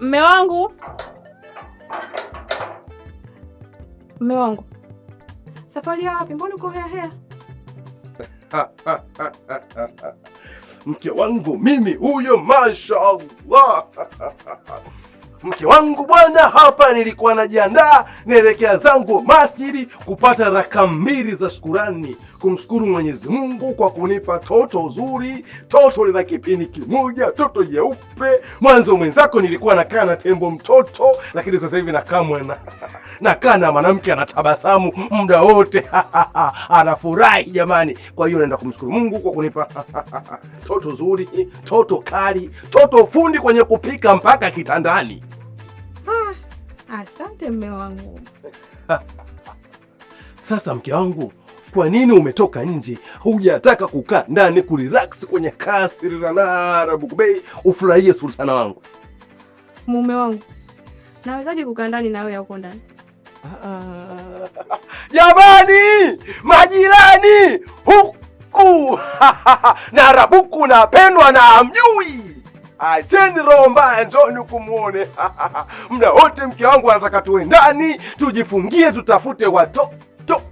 Mme wangu, mme wangu, safari ya wapi? Mbona uko heahea? mke wangu mimi huyo, mashallah mke wangu bwana, hapa nilikuwa najiandaa naelekea zangu masjidi kupata raka mbili za shukurani, kumshukuru Mwenyezi Mungu kwa kunipa toto zuri, toto lina kipini kimoja, toto jeupe. Mwanzo mwenzako nilikuwa nakaa na tembo mtoto, lakini sasa hivi nakaa mwana nakaa na mwanamke anatabasamu muda wote anafurahi jamani. Kwa hiyo naenda kumshukuru Mungu kwa kunipa toto zuri, toto kali, toto fundi kwenye kupika mpaka kitandani. Asante mme wangu. Sasa mke wangu, kwa nini umetoka nje? Hujataka kukaa ndani kurelax kwenye kasri la Narabuku-Bey ufurahie sultana wangu? Mume wangu, nawezaje kukaa ndani na wewe huko ndani? Jamani majirani, huku Narabuku napendwa na amjui Acheni roho mbaya, njoni kumuone mda wote. Mke wangu anataka tuwe ndani tujifungie, tutafute watoto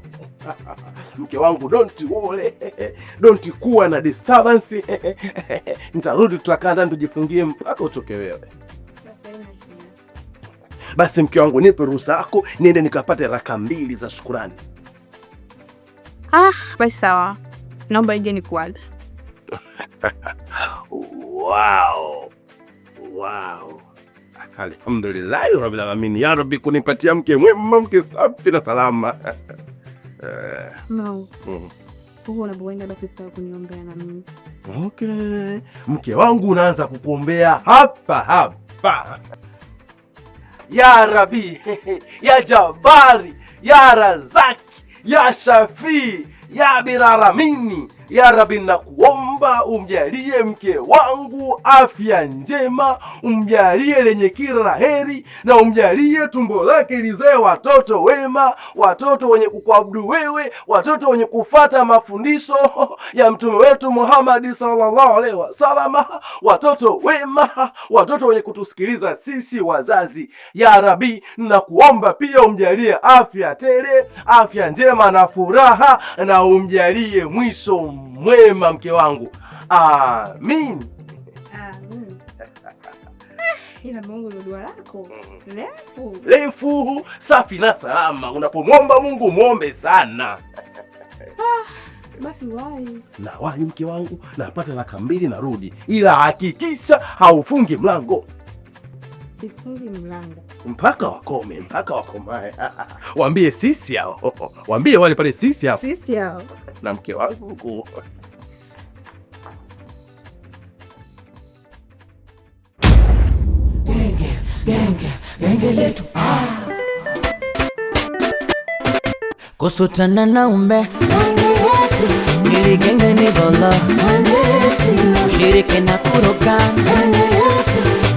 mke wangu don't worry, don't kuwa na disturbance. Nitarudi, tutakaa ndani tujifungie mpaka utoke wewe. Basi mke wangu, nipe ruhusa yako niende nikapate raka mbili za shukurani. Ah, basi sawa, naomba ije nikuaga wow. Wow. Alhamdulillahi rabbil alamin, ya Rabbi, kunipatia mke mwema, mke safi na salama. No. Mm. Okay. Mke wangu unaanza kukuombea hapa hapa. Ya Rabbi, ya Jabari, ya Razaki, ya Shafii, ya Biraramini ya Rabbi, nakuomba umjalie mke wangu afya njema, umjalie lenye kila la heri, na umjalie tumbo lake lizae watoto wema, watoto wenye kukuabudu wewe, watoto wenye kufata mafundisho ya mtume wetu Muhammad sallallahu alaihi wasallam, watoto wema, watoto wenye kutusikiliza sisi wazazi. Ya Rabbi, nakuomba pia umjalie afya tele, afya njema na furaha, na umjalie mwisho mwema mke wangu. Amin. Amin. Ila Mungu dua lako refu mm-hmm. refu, safi na salama. Unapomwomba Mungu mwombe sana. Ah, basi wai na wai, mke wangu, napata laka mbili rudi ila hakikisha haufungi mlango Sifungi mlango mpaka wakome, mpaka wakomae. Waambie sisi hao, waambie wale pale sisi hao, sisi hao na mke wangu. Genge, genge, genge letu kusutana na umbe ili genge ni bolo ushiriki na kuruka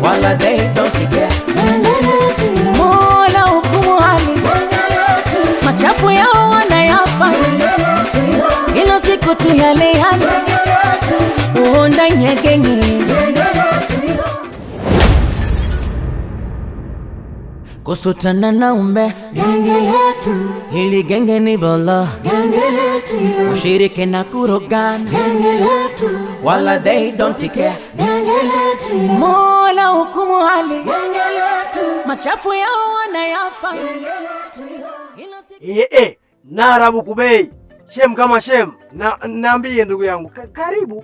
wala they don't care Mola yao Kusutana na umbe genge letu, hili genge ni bolo genge letu, ushirike na kurogana genge letu, wala they don't care genge letu, Mola hukumu hali genge letu, machafu yao wanayafa genge letu. Eh eh, Narabuku Bey, shem kama shem na, naambie ndugu yangu karibu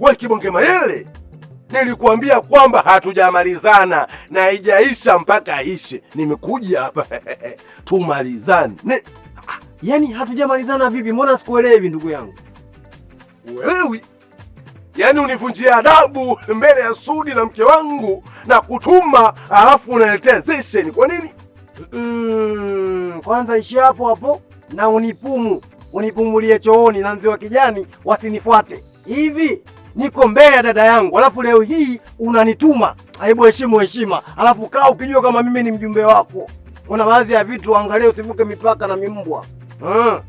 we Kibonge Mayele, nilikuambia kwamba hatujamalizana na haijaisha mpaka ishe. Nimekuja hapa tumalizane. Ah, yani hatujamalizana vipi? Mbona sikuelewi ndugu yangu? Uelewi? Yaani univunjia adabu mbele ya Sudi na mke wangu na kutuma, alafu unaletea zesheni. Kwa nini? Mm, kwanza ishi hapo hapo na unipumu unipumulie chooni na nzi wa kijani wasinifuate hivi niko mbele ya dada yangu, alafu leo hii unanituma. Aibu, heshima, heshima, alafu kaa ukijua kama mimi ni mjumbe wako. Kuna baadhi ya vitu angalia, usivuke mipaka na mimbwa hmm.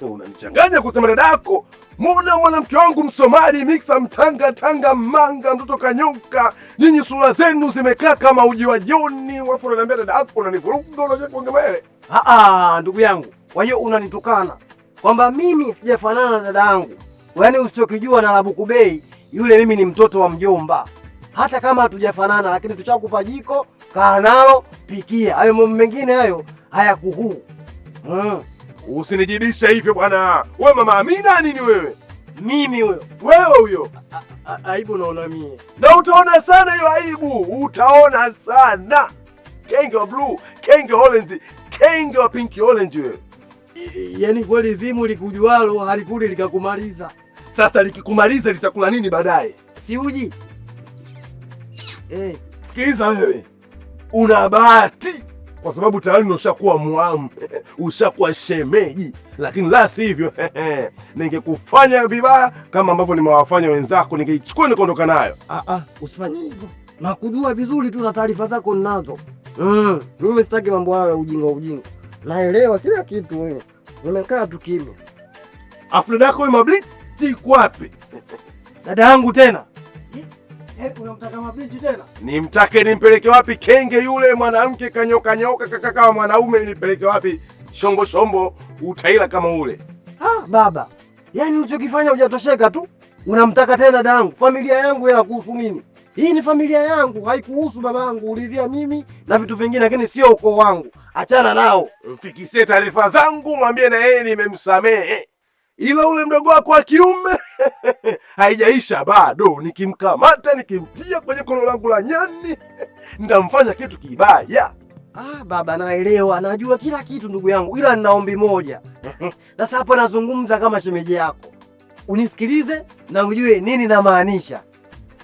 Unanichanganya kusema dada yako Muna mwanamke wangu Msomali miksa mtanga tanga manga mtoto kanyoka, nyinyi sura zenu zimekaa kama uji wa jioni. Wapo unaniambia dada yako unanivuruga, unajua kuongea mbele. Ah ah, ndugu yangu, kwa hiyo unanitukana kwamba mimi sijafanana na dada yangu. Yaani usichokijua na Narabuku Bey yule, mimi ni mtoto wa mjomba, hata kama hatujafanana, lakini tuchakupa jiko kaa nalo pikia. Hayo mambo mengine hayo hayakuhuu. Mm. Usinijibishe hivyo bwana. Wewe mama Amina nini wewe? Mimi huyo. Wewe huyo. Aibu naona mimi. Na utaona sana hiyo aibu. Utaona sana. Kenge wa blue, kenge orange, kenge wa pinki orange wewe. Yaani kweli zimu likujualo halikuli likakumaliza. Sasa likikumaliza litakula nini baadaye? Si uji eh? Sikiliza wewe, una bahati kwa sababu tayari ushakuwa mwamu, ushakuwa shemeji, lakini la sivyo ningekufanya vibaya kama ambavyo nimewafanya wenzako, ningeichukua nikaondoka nayo. Ah, ah, usifanye hivyo, nakujua vizuri tu na taarifa zako ninazo. Mm, mimi sitaki mambo hayo ya ujinga ujinga, naelewa kila kitu wewe. Nimekaa tu kimya, afu dada yako wewe mabli Siku wapi dada yangu tena? Unamtaka mabichi tena? Nimtake nimpeleke wapi? Kenge yule mwanamke kanyoka nyoka kakaka wa mwanaume nipeleke wapi? Shombo shombo utaila kama ule. Ha, baba, yaani ulichokifanya hujatosheka tu, unamtaka tena dada yangu. Familia yangu ya kuhusu mimi, hii ni familia yangu, haikuhusu baba yangu. Ulizia mimi na vitu vingine, lakini sio ukoo wangu. Achana nao, mfikishie taarifa zangu, mwambie na yeye nimemsamehe ila ule mdogo wako wa kiume haijaisha bado. Nikimkamata nikimtia kwenye kono langu la nyani nitamfanya kitu kibaya. Ah, baba naelewa, najua kila kitu ndugu yangu, ila nina ombi moja sasa. Hapo nazungumza kama shemeji yako, unisikilize na ujue nini namaanisha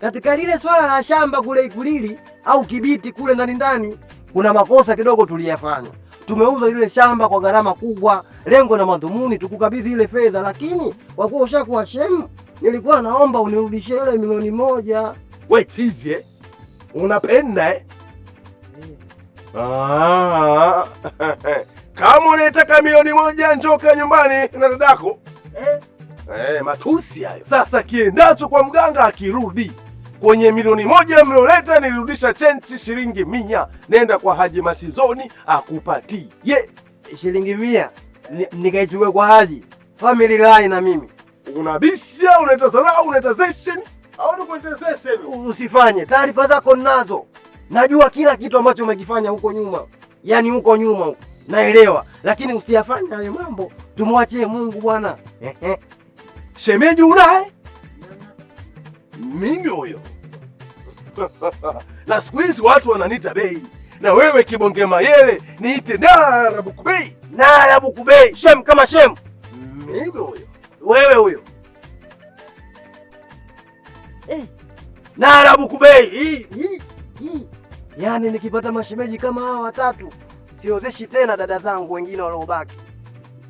katika lile swala la shamba kule Ikulili au Kibiti kule ndani ndani, kuna makosa kidogo tuliyafanya tumeuza ile shamba kwa gharama kubwa, lengo na madhumuni tukukabidhi ile fedha, lakini kwa kuwa ushakuwa shemu, nilikuwa naomba unirudishie ile milioni moja. We chizi eh? Unapenda eh? eh. Ah, kama unataka milioni moja njoka nyumbani na dadako eh? Eh, matusi hayo. Sasa kiendacho kwa mganga akirudi kwenye milioni moja mlioleta nilirudisha chenchi shilingi mia. Nenda kwa Haji Masizoni akupatie yeah. shilingi mia nikaichukua kwa Haji family line na mimi. Unabisha, unaita dharau, unaita session au kwenye session? Usifanye, taarifa zako ninazo, najua kila kitu ambacho umekifanya huko nyuma, yani huko nyuma huko naelewa, lakini usiyafanye hayo mambo, tumwachie Mungu bwana. Shemeji unaye mimi huyo na siku hizi watu wananiita bei, na wewe kibonge mayele niite Narabuku bei, Narabuku bei, shem kama shem. Hivyo mm. huyo wewe huyo eh, Narabuku bei. Yaani nikipata mashemeji kama hawa watatu siozeshi tena dada zangu wengine waliobaki.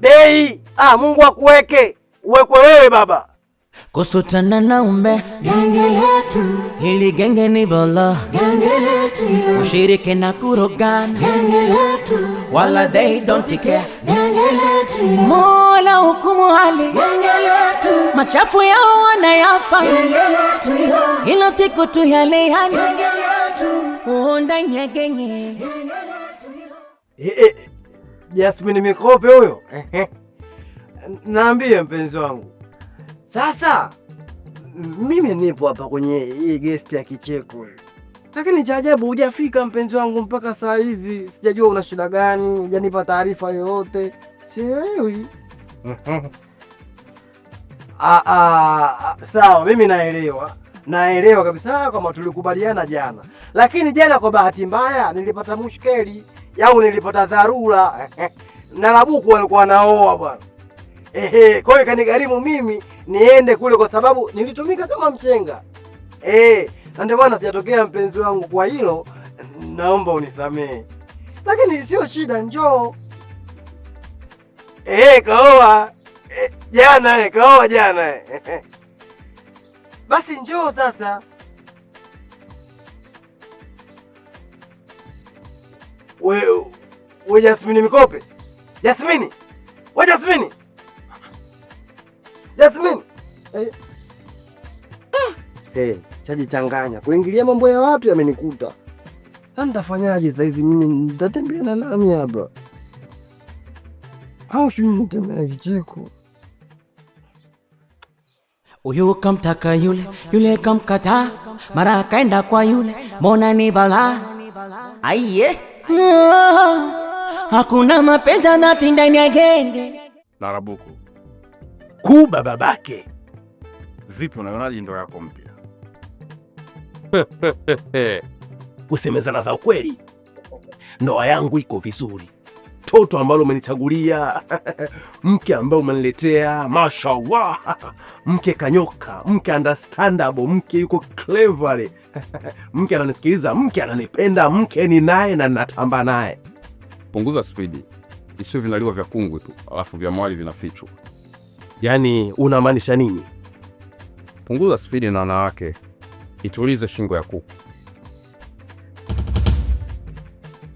Bei ah, Mungu akuweke uwekwe wewe baba kusutana na umbe genge letu, hili genge ni bolo genge letu, ushirike na kurogana genge letu, wala they don't care genge letu, Mola hukumu hali genge letu, machafu yao wanayafa genge letu, ila siku tu yale yale genge letu, genge nyegenge eh, eh. Jasmine Mikope huyo, naambie mpenzi wangu sasa mimi nipo hapa kwenye hii gesti ya kicheko, lakini cha ajabu hujafika mpenzi wangu mpaka saa hizi. Sijajua una shida gani, hujanipa taarifa yoyote, sielewi. Ah, ah, sawa, mimi naelewa, naelewa kabisa kwamba tulikubaliana jana, lakini jana kwa bahati mbaya nilipata mushkeli au nilipata dharura na Labuku walikuwa naoa bwana Ehe, kwa hiyo ikanigharimu mimi niende kule kwa sababu nilitumika kama mchenga. Eh, na ndio maana sijatokea mpenzi wangu, kwa hilo naomba unisamehe, lakini sio shida, njoo. Eh, kaoa e, jana eh, kaoa jana e. Basi njoo sasa. Wewe, we Jasmini mikope Jasmini, Wewe Jasmini Jasmine. Eh. Ah, sasa chajichanganya. Kuingilia mambo ya watu yamenikuta. Na yaani nitafanyaje sasa hizi mimi nitatembea na nani hapa? Au shuni kama kicheko. Huyu kamtaka yule, yule kamkata mara kaenda kwa yule, mbona ni bala? Aiye. Ah. Hakuna mapenzi na tinda agenge. Narabuku kuba babake. Vipi, unaonaje ndoa yako mpya? Kusemezana za ukweli, ndoa yangu iko vizuri, toto ambalo umenichagulia mke ambaye umeniletea, mashallah, mke kanyoka, mke understandable, mke yuko clever mke ananisikiliza, mke ananipenda, mke ni naye na ninatamba naye. Punguza spidi, isiyo vinaliwa vya kungwi tu, alafu vya mwali vinafichwa. Yaani unamaanisha nini? Punguza spidi na wanawake, itulize shingo ya kuku.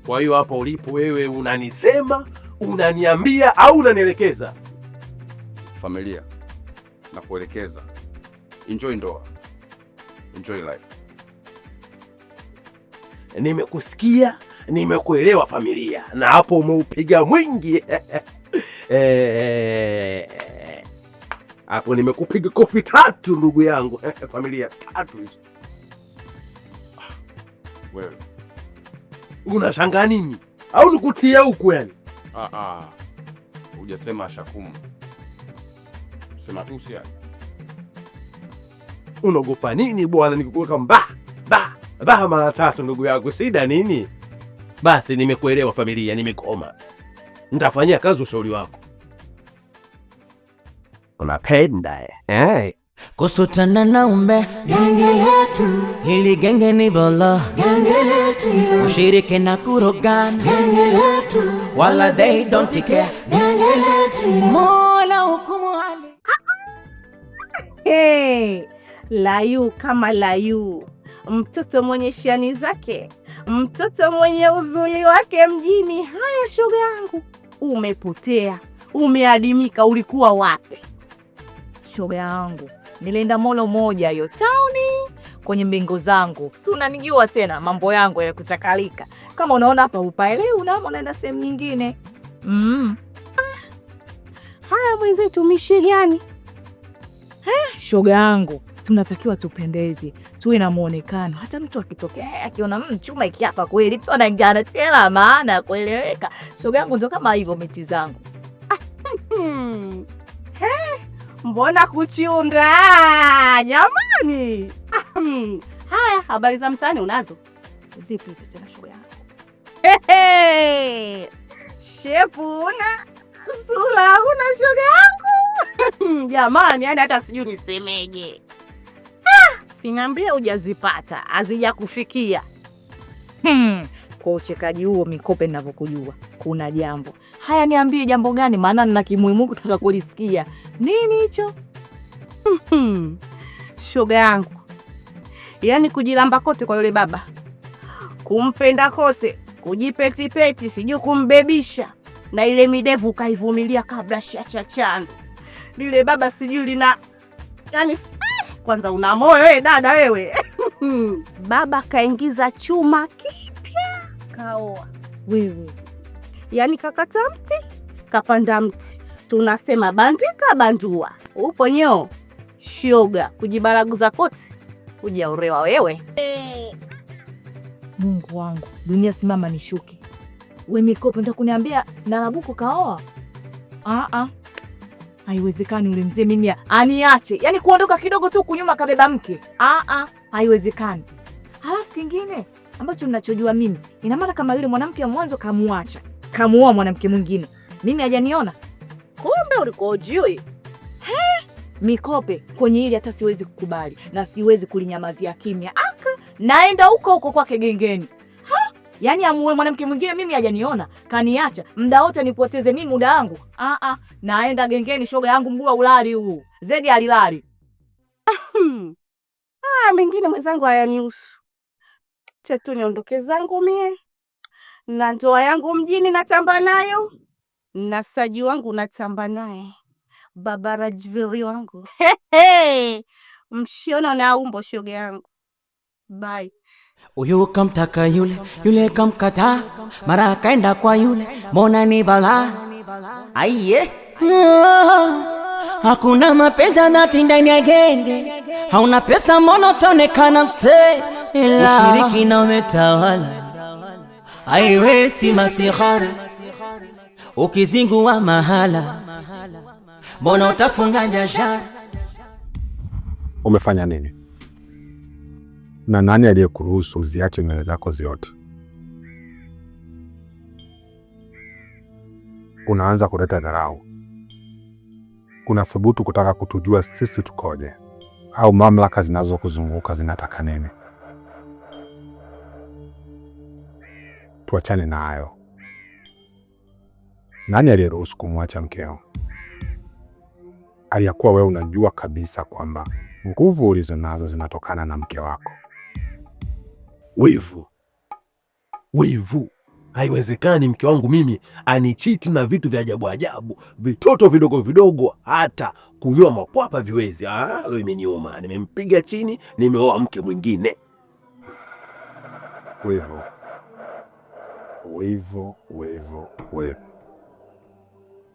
Kwa hiyo hapa ulipo wewe unanisema, unaniambia au unanielekeza? Familia na kuelekeza. Enjoy ndoa, enjoy life. Nimekusikia, nimekuelewa familia, na hapo umeupiga mwingi. eh, eh, eh hapo ah, nimekupiga kofi tatu ndugu yangu eh, eh, familia tatu hizo. Ah, wewe unashangaa nini? Au nikutia huku yani? Ah ah. Ujasema shakumu. Sema tu si. Unaogopa nini bwana nikikuweka mba ba ba mara tatu ndugu yangu sida nini? Basi nimekuelewa familia, nimekoma. Nitafanyia kazi ushauri wako unapenda eh? Kusutana na umbe genge letu, hili genge ni bolo genge letu, ushirike na kurogana genge letu, wala they don't care genge letu, Mola hukumu hali. Hey, layu kama layu, mtoto mwenye shani zake, mtoto mwenye uzuri wake mjini. Haya shoga yangu, umepotea umeadimika, ulikuwa wapi? shoga yangu, nilienda molo moja hiyo tauni kwenye mbingu zangu, si unanijua tena, mambo yangu ya kuchakalika. Kama unaona hapa upaelewi, unaona unaenda sehemu nyingine. Mm. Haya mwenzetu, mishi gani shoga yangu? Tunatakiwa tupendeze, tuwe na mwonekano Hata mtu akitokea akiona mm, chuma ikiapa kweli, mtu anaingana tena, maana ya kueleweka. Shoga yangu, ndo kama hivyo miti zangu ah, hmm, hmm. Mbona kuchunda jamani? Haya, habari za mtaani unazo zipi? Tena shoga yangu shepu una sula una shoga yangu jamani, yani hata sijui nisemeje. sinambia ujazipata hazijakufikia. Hmm. Kwa uchekaji huo mikope navyokujua kuna jambo Haya, niambie jambo gani? Maana nina kimuhimu kutaka kulisikia. Nini hicho? Hmm. Shoga yangu, yaani kujilamba kote kwa yule baba, kumpenda kote, kujipetipeti, sijui kumbebisha na ile midevu ukaivumilia kabla shachachana. Lile baba sijui lina yaani, kwanza una moyo wewe eh, dada wewe. Baba kaingiza chuma kipya kaoa wewe yani kakata mti kapanda mti, tunasema bandika bandua. Upo nyoo shoga, kujibaraguza koti ujaorewa wewe. Eh. Mungu wangu, dunia simama nishuke. We mikopo nda kuniambia Narabuku kaoa? Ah ah. Haiwezekani ule mzee mimi aniache. Yaani kuondoka kidogo tu kunyuma kabeba mke. Ah ah, haiwezekani. Halafu kingine ambacho ninachojua mimi, ina maana kama yule mwanamke wa mwanzo kamuacha kamuoa mwanamke mwingine, mimi hajaniona. Kumbe ujui. mikope kwenye hili, hata siwezi kukubali na siwezi kulinyamazia kimya. Aka naenda huko huko kwake gengeni. Yaani amuoe mwanamke mwingine, mimi hajaniona, kaniacha muda wote nipoteze mimi muda wangu. Ah ah, naenda gengeni, shoga yangu, mguu ulali huu zedi alilali. Hmm. Ah, mengine mwenzangu hayanihusu, chetu niondoke zangu mie na ndoa yangu mjini natamba nayo na Saji wangu natamba naye baba Rajviri wangu mshiona na umbo shoga yangu bye. Huyu kamtaka yule yule kamkata mara akaenda kwa yule, mbona ni bala aiye. Ah, hakuna mapenzi anatinda ni agenge, hauna pesa mbona utaonekana ushiriki na umetawala aiwe si ukizingu ukizingua mahala, mbona utafunga biashara? Umefanya nini na nani aliyekuruhusu uziache nywele zako ziote? Unaanza kuleta dharau. Kuna thubutu kutaka kutujua sisi tukoje, au mamlaka zinazokuzunguka zinataka nini? tuachane na hayo. Nani aliyeruhusu kumwacha mkeo? Aliyakuwa wewe unajua kabisa kwamba nguvu ulizo nazo zinatokana na mke wako. Wivu, wivu! Haiwezekani mke wangu mimi anichiti na vitu vya ajabu ajabu, vitoto vidogo vidogo, hata kuyoa makwapa viwezi. Ah, imeniuma, nimempiga chini, nimeoa mke mwingine. Wivu hivyo hivyo wewe.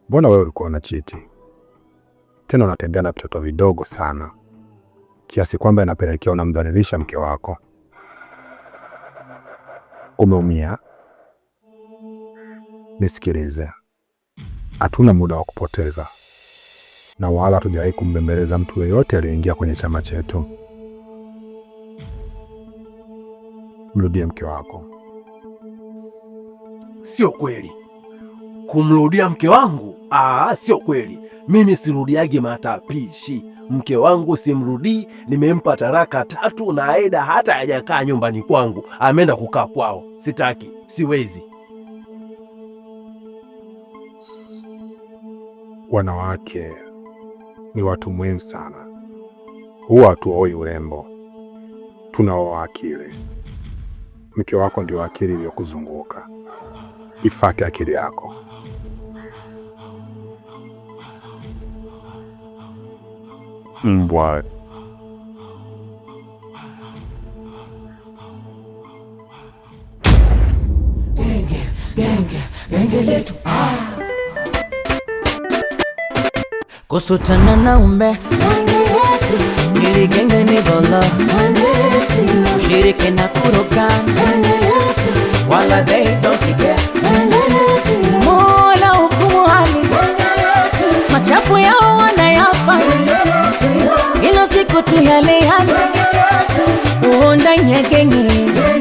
Mbona wewe ulikuwa chiti tena unatembea na vitoto vidogo sana kiasi kwamba inapelekea unamdhalilisha mke wako. Umeumia, nisikilize, hatuna muda wa kupoteza na wala hatujawahi kumbembeleza mtu yeyote aliyeingia kwenye chama chetu. Mrudie mke wako sio kweli. Kumrudia mke wangu? ah, sio kweli. Mimi sirudiage matapishi. Mke wangu simrudii, nimempa taraka tatu na Aida hata hajakaa nyumbani kwangu, ameenda kukaa kwao. Sitaki, siwezi. Wanawake ni watu muhimu sana, huwa hatuoi urembo, tunaoa akili. Mke wako ndio akili iliyokuzunguka ifate akili yako. Mbwa genge genge genge letu ah. Kusutana na umbe ili genge ni bolo shiriki na kuruka wala they don't get Kutulalean Uonda nyegenye